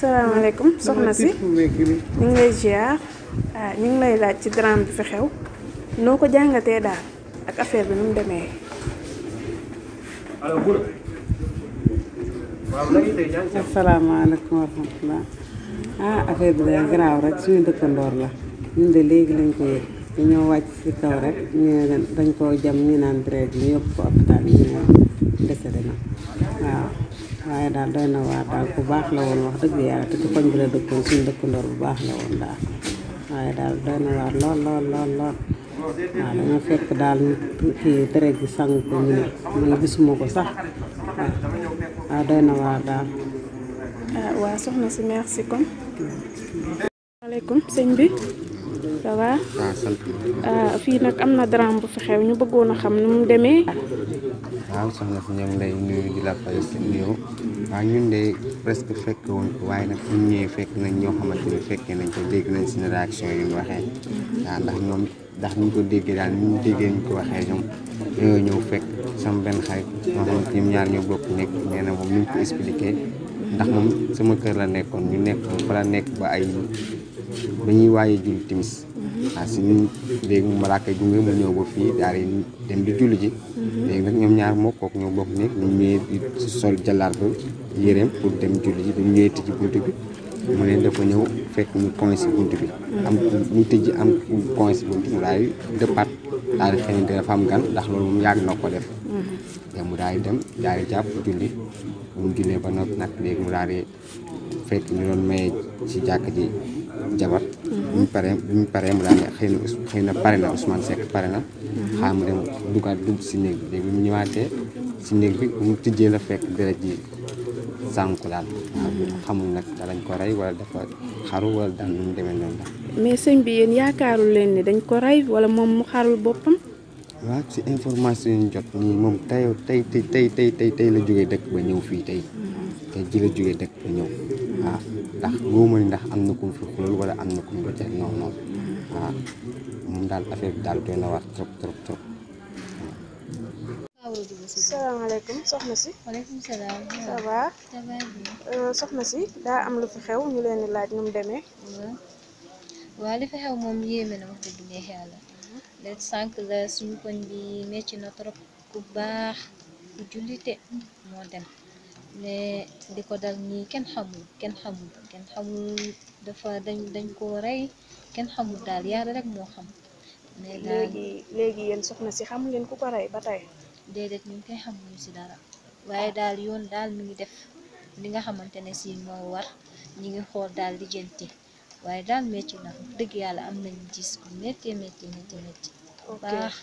salaamaaleykum soxna si ñu ngi lay ah, ñu ngi laaj ci drame bi fi xew noo ko jàngatee daal ak affaire bi nu mu demee. asalaamaaleykum wa rahmatulah ah affaire bi day garaaw rek suñu dëkkandoor la ñun de léegi lañ ko yëg dañoo wàcc ci kaw rek ñu dañ koo jam ñu naan break ñu yóbbu ko hôpital ñu ne décédé na waaw. waaye daal doy na waar daal ku baax la woon wax dëgg yàlla te ci koñ bi la dëkkoon suñu dëkkandoor bu baax la woon daal waaye daal doy na waar lool lool lool lool waaw dama fekk daal kii tere gi sang ko ñu ne gisuma ko sax doy na waar daal ah, waa soxna si merci kon asalaamaaleykum sëñ bi ça va ah, fii nag am na drame bu fi xew ñu bëggoon a xam nu mu demee waaw soxna si ñoom lay nuyu di la fay si nuyu waaw ñun de presque fekk woon ko waaye nag ñu ñëwee fekk nañ ñoo xamante ni fekkee nañ ko dégg nañ seen réaction yi mu waxee waaw ndax ñoom ndax ñu ko déggee daal ñu déggee ñu ko waxee ñoom dañoo ñëw fekk sama benn xarit moo xamante ni ñaar ñoo bokk nekk nee na moom ñu ko expliqué ndax moom sama kër la nekkoon ñu nekk fa la nekk ba ay ba ñuy waaye jul timis waaw suñu léegi mu malaaka gunge mu ñëw ba fii daal di dem di julli ji mhm. léegi nag ñoom ñaar mbokk kook ñoo bokk nekk ñu ñëwee di sol jalaar ba yéreem pour dem julli ji bi mu ñëwee tëj bunt bi mu ne dafa ñëw bi am ñu tëj am point si bunt mu daal di dëppaat daal di xëy dafa am gan ndax loolu moom yàgg na ko def mhm. te mu daal di dem daal jàpp julli bu mu jullee ba noppi nag léegi mu daal di fekk ñu doon maye ci jàkk ji jabar bu ñu paree bu ñu paree mu daan xëy na pare na Ousmane Seck pare na. xaar mu dem duggaat dugg si néeg bi léegi bu ñu si néeg bi bu mu tijjee la fekk deret ji sànku daal. xamul nag dañ ko rey wala dafa xaru wala daal nu demee noonu la. mais sëñ bi yéen yaakaarul leen ne dañ ko rey wala moom mu xarul boppam. waaw si information yi jot nii moom tey tey tey tey tey tey la jógee dëkk ba ñëw fii tey. tey ji la jógee dëkk ba ñëw. ndax góoma ni ndax amna kum fi xulal wala amna kum do teg non non waaw ah, moom daal affaire dal do na wax trop trop trop assalamualaikum soxna si. walaykum salam ça va. ça va. Euh, soxna si da am lu fi xew ñu leen di laaj num mu wa li fi xew mom yéeme na wax dëgg neex yàlla. Mhm. de sank la suñu koñ bi metti na trop ku baax ku jullite dem. mais di ko dal nii kenn xamul kenn xamul kenn xamul dafa dañ dañ koo rey kenn xamul daal yàlla rek moo xam. mais léegi léegi yéen soxna si xamu leen ku ko rey ba tey. déedéet ñu ngi koy xamuñu si dara waaye daal yoon daal mi ngi def li nga xamante ne si moo war ñi ngi xool daal lijjanti waaye daal métti na dëgg yàlla am nañu gis bu métti métti métti baax.